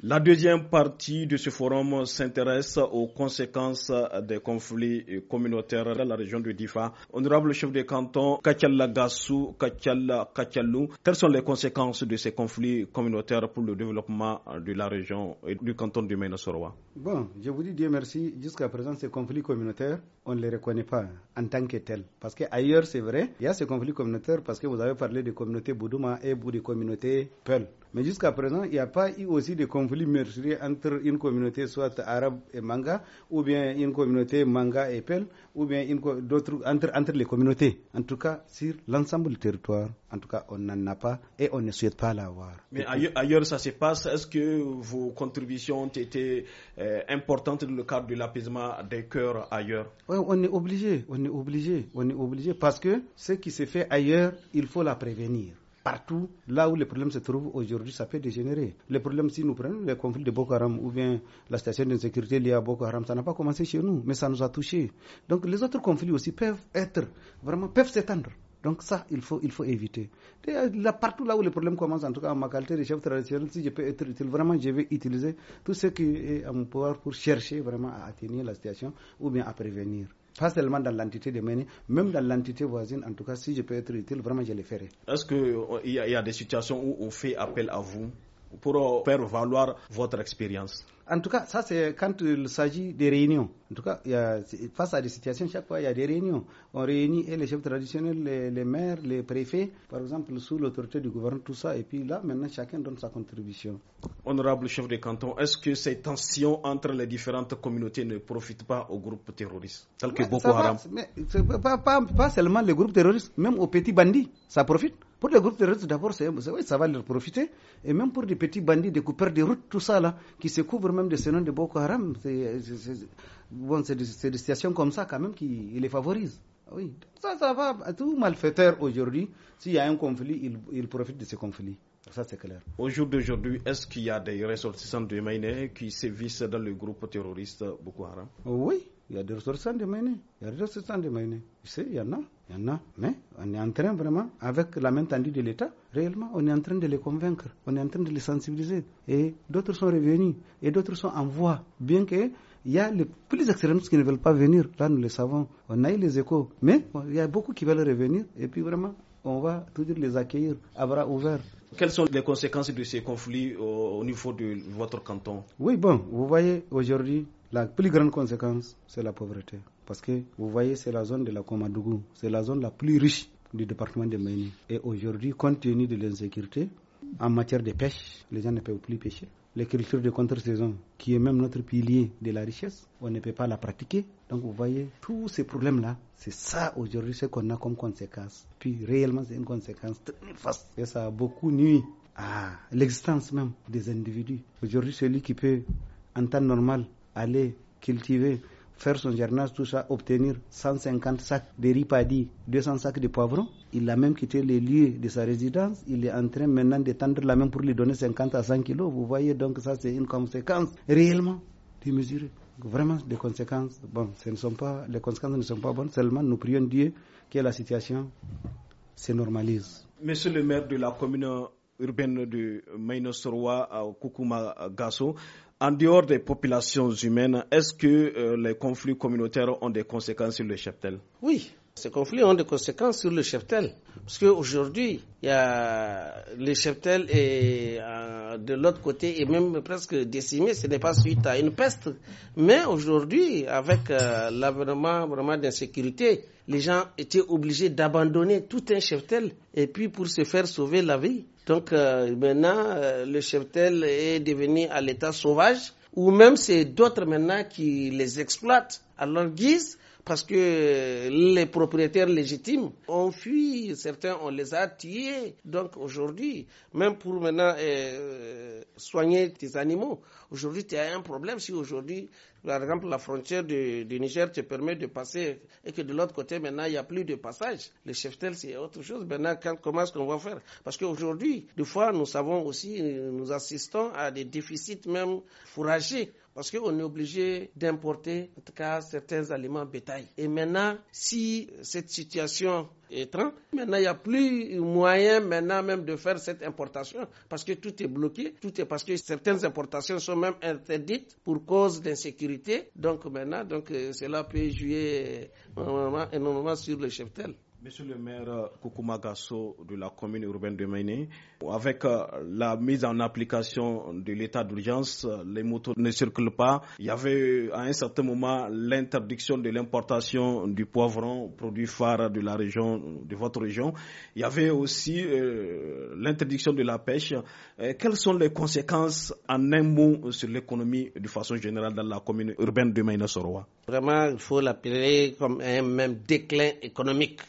La deuxième partie de ce forum s'intéresse aux conséquences des conflits communautaires dans la région de Difa. Honorable chef de canton, Kachalagassou Gassou, Kachalou, quelles sont les conséquences de ces conflits communautaires pour le développement de la région et du canton du Ménosoroa
Bon, je vous dis Dieu merci, jusqu'à présent ces conflits communautaires, on ne les reconnaît pas en tant que tels. Parce qu'ailleurs, c'est vrai, il y a ces conflits communautaires parce que vous avez parlé des communautés Boudouma et des communautés Peul. Mais jusqu'à présent, il n'y a pas eu aussi de conflit meurtrier entre une communauté soit arabe et manga, ou bien une communauté manga et pelle, ou bien d'autres entre, les communautés. En tout cas, sur l'ensemble du territoire, en tout cas, on n'en a pas et on ne souhaite pas l'avoir.
Mais ailleurs, ça se passe. Est-ce que vos contributions ont été euh, importantes dans le cadre de l'apaisement des cœurs ailleurs
Oui, on est obligé, on est obligé, on est obligé parce que ce qui se fait ailleurs, il faut la prévenir partout là où les problèmes se trouvent aujourd'hui, ça peut dégénérer. Les problèmes, si nous prenons le conflit de Boko Haram ou bien la station d'insécurité liée à Boko Haram, ça n'a pas commencé chez nous, mais ça nous a touchés. Donc les autres conflits aussi peuvent être, vraiment, peuvent s'étendre. Donc ça, il faut, il faut éviter. Euh, là, partout là où les problèmes commencent, en tout cas en ma qualité de chef traditionnel, si je peux être utile, vraiment, je vais utiliser tout ce qui est à mon pouvoir pour chercher vraiment à atteindre la situation ou bien à prévenir pas seulement dans l'entité de Méné, même dans l'entité voisine, en tout cas, si je peux être utile, vraiment, je le ferai.
Est-ce qu'il euh, y, y, a des situations où on fait appel à vous pour euh, faire valoir
votre expérience. En tout cas, ça c'est quand il s'agit des réunions. En tout cas, face à des situations, chaque fois il y a des réunions. On réunit les chefs traditionnels, les, maires, les préfets, par exemple, sous l'autorité du gouvernement, tout ça. Et puis là, maintenant, chacun donne sa contribution. Honorable chef
de canton, est-ce que ces tensions entre les différentes communautés ne profitent pas aux groupes terroristes,
tels que Boko Haram
pas, pas seulement les groupes terroristes, même aux petits bandits, ça profite. Pour les groupes terroristes, d'abord, ça va leur profiter. Et même pour des petits bandits, des coupeurs de routes, tout ça, là, qui se couvrent même de ce nom de Boko Haram, c'est des, situations comme ça, quand même, qui les favorisent. Ah oui, ça, ça va. Tout malfaiteur aujourd'hui, s'il y a un conflit, il, il profite de ce conflit. Ça, c'est clair.
Au jour d'aujourd'hui, est-ce qu'il y a des ressortissants
de Maïné qui sévissent dans le groupe terroriste Boko Haram Oui, il y a des ressortissants de Il y a des ressortissants de Maïné. Tu sais, il y en a. Il y en a. Mais on est en train vraiment, avec la main tendue de l'État, réellement, on est en train de les convaincre. On est en train de les sensibiliser. Et d'autres sont revenus. Et d'autres sont en voie. Bien que il y a les plus extrémistes qui ne veulent pas venir. Là, nous le savons. On a eu les échos. Mais il y a beaucoup qui veulent revenir. Et puis vraiment, on va toujours les accueillir à bras ouverts.
Quelles sont les conséquences de ces conflits au niveau de votre canton
Oui, bon, vous voyez, aujourd'hui, la plus grande conséquence, c'est la pauvreté. Parce que, vous voyez, c'est la zone de la Komadougou, c'est la zone la plus riche du département de Méni. Et aujourd'hui, compte tenu de l'insécurité, en matière de pêche, les gens ne peuvent plus pêcher. L'écriture de contre-saison, qui est même notre pilier de la richesse, on ne peut pas la pratiquer. Donc vous voyez, tous ces problèmes-là, c'est ça aujourd'hui ce qu'on a comme conséquence. Puis réellement, c'est une conséquence très néfaste. Et ça a beaucoup nuit à l'existence même des individus. Aujourd'hui, celui qui peut, en temps normal, aller cultiver, faire son jardinage, tout ça, obtenir 150 sacs de ripadis, 200 sacs de poivrons. Il a même quitté les lieux de sa résidence. Il est en train maintenant d'étendre la main pour lui donner 50 à 100 kilos. Vous voyez donc ça, c'est une conséquence réellement démesurée. Vraiment des conséquences. Bon, ce ne sont pas, les conséquences ne sont pas bonnes. Seulement, nous prions Dieu que la situation se normalise.
Monsieur le maire de la commune urbaine de à Koukouma Gasso, en dehors des populations humaines, est-ce que euh, les conflits communautaires ont des conséquences sur le cheptel
Oui, ces conflits ont des conséquences sur le cheptel. Parce qu'aujourd'hui, le cheptel euh, de l'autre côté et même presque décimé. Ce n'est pas suite à une peste. Mais aujourd'hui, avec euh, l'avènement vraiment d'insécurité, les gens étaient obligés d'abandonner tout un cheptel et puis pour se faire sauver la vie donc euh, maintenant, euh, le cheptel est devenu à l'état sauvage, ou même c'est d'autres maintenant qui les exploitent à leur guise parce que les propriétaires légitimes ont fui, certains on les a tués. Donc aujourd'hui, même pour maintenant euh, soigner tes animaux, aujourd'hui tu as un problème si aujourd'hui, par exemple, la frontière du, Niger te permet de passer et que de l'autre côté maintenant il n'y a plus de passage. Le cheftel c'est autre chose. Maintenant, comment est-ce qu'on va faire Parce qu'aujourd'hui, des fois nous savons aussi, nous assistons à des déficits même fourragés parce qu'on est obligé d'importer, en tout cas, certains aliments bétail. Et maintenant, si cette situation est étrange. Maintenant, il n'y a plus moyen maintenant même de faire cette importation parce que tout est bloqué, tout est parce que certaines importations sont même interdites pour cause d'insécurité. Donc maintenant, donc euh, cela peut jouer énormément, euh, énormément sur le cheptel.
Monsieur le maire euh, Koukoumagasso de la commune urbaine de Maine, avec euh, la mise en application de l'état d'urgence, euh, les motos ne circulent pas. Il y avait à un certain moment l'interdiction de l'importation du poivron, produit phare de la région, de votre région. Il y avait aussi l'interdiction de la pêche. quelles sont les conséquences en un mot sur l'économie de façon générale dans la commune urbaine de Maine-Soroa
Vraiment, il faut l'appeler comme un même déclin économique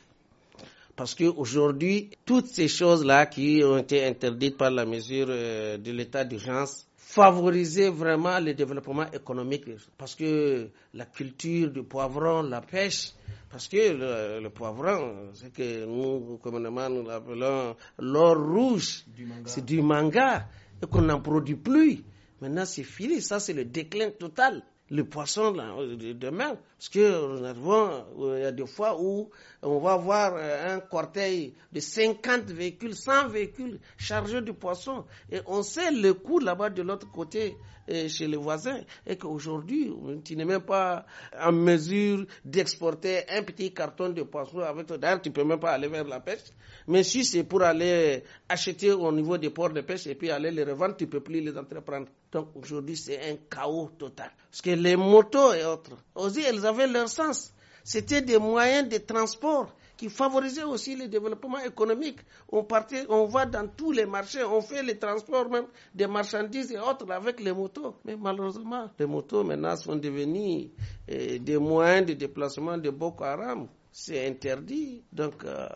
parce qu'aujourd'hui, toutes ces choses-là qui ont été interdites par la mesure euh, de l'état d'urgence favorisaient vraiment le développement économique parce que la culture du poivron, la pêche, parce que le, poivron, c'est que nous, communément, nous l'appelons l'or rouge, c'est du manga, et qu'on n'en produit plus. Maintenant, c'est fini, ça c'est le déclin total le poisson de mer. Parce que nous euh, avons, y a des fois où on va voir euh, un cortège de 50 véhicules, 100 véhicules chargés de poissons. Et on sait le coût là-bas de l'autre côté chez les voisins et qu'aujourd'hui, tu n'es même pas en mesure d'exporter un petit carton de poisson avec toi. D'ailleurs, tu ne peux même pas aller vers la pêche. Mais si c'est pour aller acheter au niveau des ports de pêche et puis aller les revendre, tu peux plus les entreprendre. Donc aujourd'hui, c'est un chaos total. Parce que les motos et autres, aussi, elles avaient leur sens. C'était des moyens de transport qui favorisait aussi le développement économique. On partait, on va dans tous les marchés, on fait les transports même des marchandises et autres avec les motos. Mais malheureusement, les motos maintenant sont devenus eh, des moyens de déplacement de Boko Haram. C'est interdit. Donc, euh,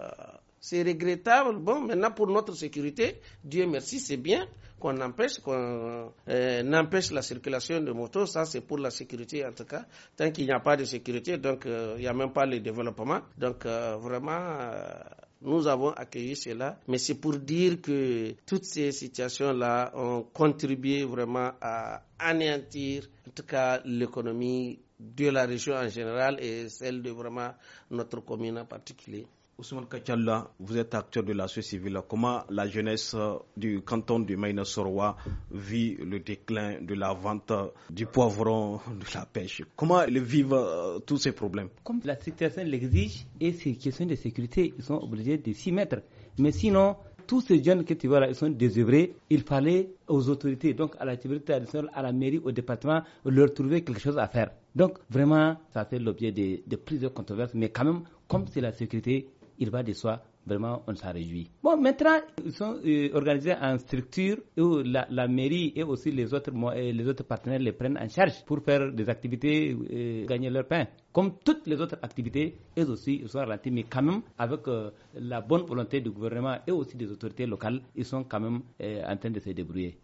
c'est regrettable. Bon, maintenant pour notre sécurité, Dieu merci, c'est bien qu'on empêche, qu'on euh, la circulation de motos. Ça, c'est pour la sécurité en tout cas. Tant qu'il n'y a pas de sécurité, donc euh, il n'y a même pas le développement. Donc euh, vraiment. Nous avons accueilli cela, mais c'est pour dire que toutes ces situations-là ont contribué vraiment à anéantir, en tout cas, l'économie de la région en général et celle de vraiment notre commune en particulier.
Ousmane vous êtes acteur de la société civile. Comment la jeunesse euh, du canton du Maïna soroa vit le déclin
de la vente euh, du poivron, de la pêche Comment ils vivent euh, tous ces problèmes Comme la situation l'exige et ces questions de sécurité, ils sont obligés de s'y mettre. Mais sinon, tous ces jeunes que tu vois là, ils sont désœuvrés. Il fallait aux autorités, donc à la sécurité traditionnelle, à la mairie, au département, leur trouver quelque chose à faire. Donc vraiment, ça fait l'objet de, de plusieurs controverses. Mais quand même, comme c'est la sécurité, il va de soi, vraiment, on s'en réjouit. Bon, maintenant, ils sont euh, organisés en structure où la, mairie et aussi les autres, euh, les autres partenaires les prennent en charge pour faire des activités, euh, gagner leur pain. Comme toutes les autres activités, elles aussi ils sont ralentis, mais quand même, avec la bonne volonté du gouvernement et aussi des autorités locales, ils sont quand même en train de se débrouiller.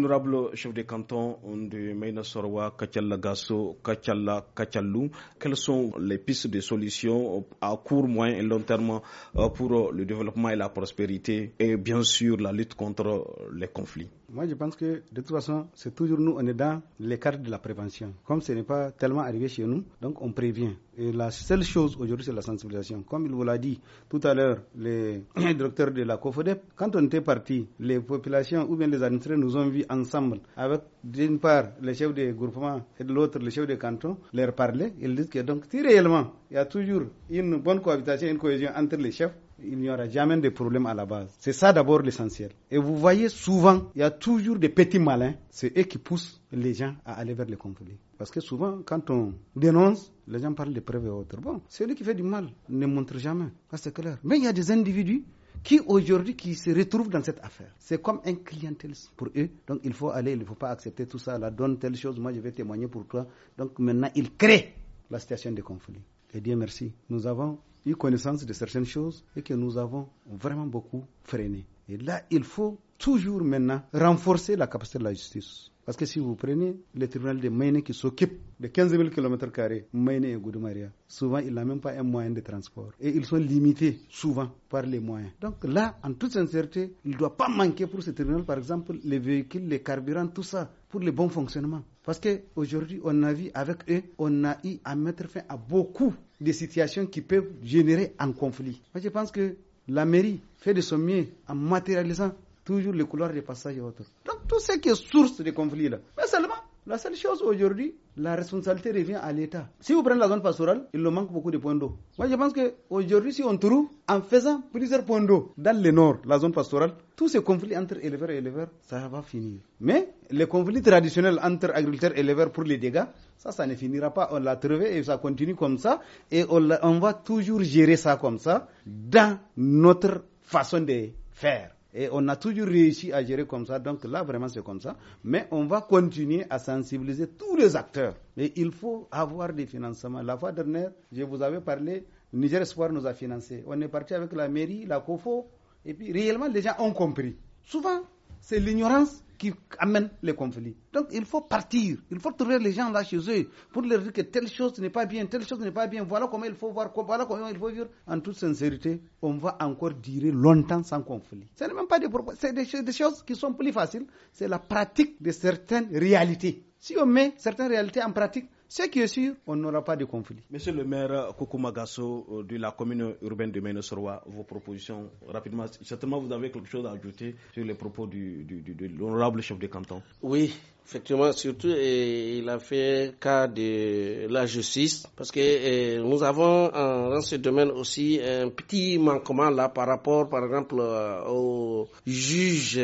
Honorable chef de canton de Meina Sorwa, Kachalla Gasso, Kachalla Kachallou, quelles sont les pistes de solutions euh, à court, moyen et long terme euh, pour euh, le développement et la prospérité et bien sûr la lutte contre les conflits
moi, je pense que de toute façon, c'est toujours nous, on est dans l'écart de la prévention. Comme ce n'est pas tellement arrivé chez nous, donc on prévient. Et la seule chose aujourd'hui, c'est la sensibilisation. Comme il vous l'a dit tout à l'heure, les directeurs de la COFODEP, quand on était parti, les populations ou bien les administrés nous ont vus ensemble avec d'une part les chefs des groupements et de l'autre les chefs des cantons, leur parler. Ils disent que donc, si réellement, il y a toujours une bonne cohabitation, une cohésion entre les chefs, il n'y aura jamais de problème à la base. C'est ça d'abord l'essentiel. Et vous voyez souvent, il y a toujours des petits malins, c'est eux qui poussent les gens à aller vers le conflit. Parce que souvent, quand on dénonce, les gens parlent de preuves et autres. Bon, celui qui fait du mal ne montre jamais, c'est clair. Mais il y a des individus qui aujourd'hui qui se retrouvent dans cette affaire. C'est comme un clientèle pour eux. Donc il faut aller, il ne faut pas accepter tout ça, La donne telle chose, moi je vais témoigner pour toi. Donc maintenant, ils créent la situation de conflit. Et Dieu merci, nous avons eu connaissance de certaines choses et que nous avons vraiment beaucoup freiné. Et là, il faut toujours maintenant renforcer la capacité de la justice. Parce que si vous prenez le tribunal de Maine qui s'occupe de 15 000 km, Maine et Goudoumaria, souvent il n'a même pas un moyen de transport. Et ils sont limités souvent par les moyens. Donc là, en toute sincérité, il ne doit pas manquer pour ce tribunal, par exemple, les véhicules, les carburants, tout ça, pour le bon fonctionnement. Parce qu'aujourd'hui, on a vu avec eux, on a eu à mettre fin à beaucoup des situations qui peuvent générer un conflit. Moi, je pense que la mairie fait de son mieux en matérialisant toujours les couloirs de passage et autres. Donc, tout ce qui est source de conflit, là, mais seulement la seule chose aujourd'hui, la responsabilité revient à l'État. Si vous prenez la zone pastorale, il manque beaucoup de points d'eau. Moi, je pense qu'aujourd'hui, si on trouve, en faisant plusieurs points d'eau dans le nord, la zone pastorale, tous ces conflits entre éleveurs et éleveurs, ça va finir. Mais les conflits traditionnels entre agriculteurs et éleveurs pour les dégâts, ça, ça ne finira pas. On l'a trouvé et ça continue comme ça. Et on, on va toujours gérer ça comme ça dans notre façon de faire. Et on a toujours réussi à gérer comme ça. Donc là, vraiment, c'est comme ça. Mais on va continuer à sensibiliser tous les acteurs. Et il faut avoir des financements. La fois dernière, je vous avais parlé, Niger Espoir nous a financé. On est parti avec la mairie, la COFO. Et puis, réellement, les gens ont compris. Souvent, c'est l'ignorance qui amènent les conflits. Donc il faut partir, il faut trouver les gens là chez eux pour leur dire que telle chose n'est pas bien, telle chose n'est pas bien, voilà comment il faut voir, voilà comment il faut vivre. En toute sincérité, on va encore durer longtemps sans conflit. Ce n'est même pas des c'est des choses qui sont plus faciles, c'est la pratique de certaines réalités. Si on met certaines réalités en pratique, ce qui est sûr, on n'aura pas de conflit.
Monsieur le maire Magasso euh, de la commune urbaine de Ménosoroa, vos propositions rapidement. Certainement, vous avez quelque chose à ajouter sur les propos du, de l'honorable chef de canton.
Oui, effectivement, surtout, il a fait cas de la justice, parce que nous avons dans ce domaine aussi un petit manquement là par rapport, par exemple, euh, aux juges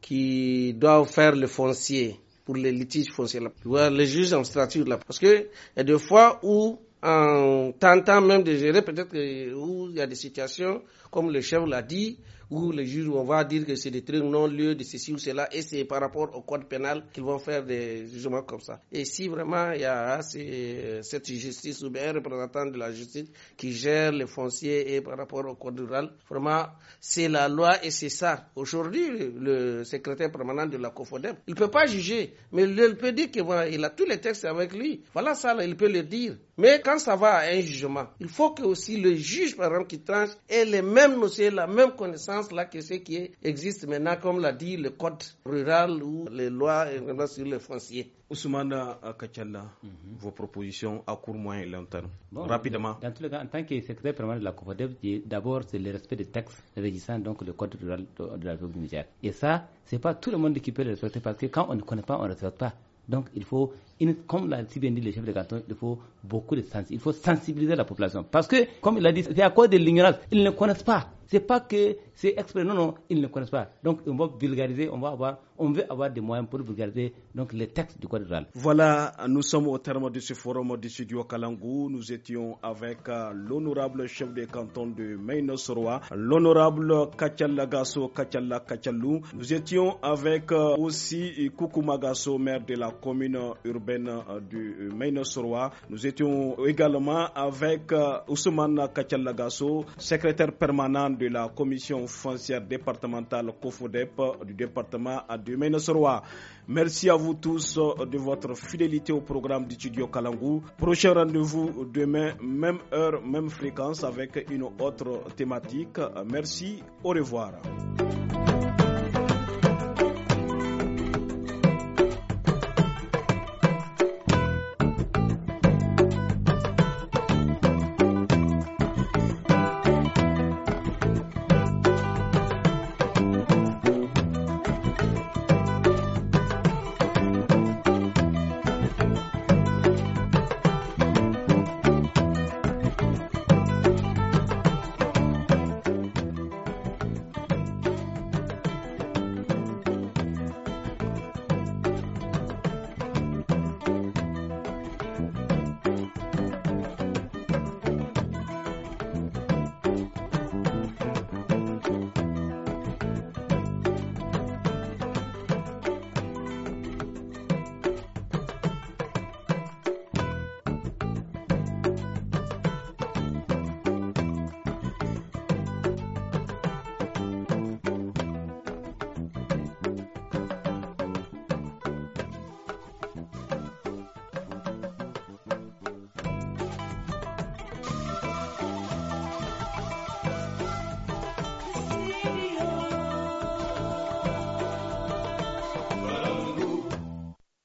qui doivent faire le foncier pour les litiges fonciers, là, les juges en structure. Là. Parce il y a des fois où, en tentant même de gérer, peut-être où il y a des situations comme le chef l'a dit, où les juges on va dire que c'est des trucs non-lieux de ceci ou cela, et c'est par rapport au code pénal qu'ils vont faire des jugements comme ça. Et si vraiment il y a euh, cette justice ou bien un représentant de la justice qui gère les fonciers et par rapport au code rural, vraiment, c'est la loi et c'est ça. Aujourd'hui, le secrétaire permanent de la COFODEM, il ne peut pas juger, mais il peut dire qu'il voilà, a tous les textes avec lui. Voilà ça, il peut le dire. Mais quand ça va à un jugement, il faut que aussi le juge, par exemple, qui tranche, ait les mêmes même notion, la même connaissance là que ce qui existe maintenant, comme l'a dit le code rural ou les lois sur les fonciers. Ousmane Kachala,
mhm. vos propositions à court, moyen et long terme. Rapidement. Dans tous les cas, en tant que secrétaire permanent de la COFADEV, d'abord, c'est le respect des textes régissant donc le code rural de, la République du Et ça, c'est pas tout le monde qui peut le respecter parce que quand on ne connaît pas, on ne respecte pas. Donc, il faut comme l'a si bien dit le chef de canton, il faut beaucoup de sens. Il faut sensibiliser la population. Parce que, comme il a dit, c'est à cause de l'ignorance. Ils ne connaissent pas. C'est pas que c'est exprès. Non, non, ils ne connaissent pas. Donc, on va vulgariser, on va avoir, on veut avoir des moyens pour vulgariser donc, les textes du Code rural. Voilà, nous sommes au terme de ce forum
du studio Nous étions avec euh, l'honorable chef de canton de roi l'honorable Lagasso Kachala Kachalou. Nous étions avec euh, aussi Magasso, maire de la commune urbaine ben, euh, du euh, Maine-Soroa. Nous étions également avec euh, Ousmane Kachalagasso, secrétaire permanent de la commission foncière départementale COFODEP du département du Maine-Soroa. Merci à vous tous de votre fidélité au programme du studio Kalangou. Prochain rendez-vous demain, même heure, même fréquence avec une autre thématique. Merci, au revoir.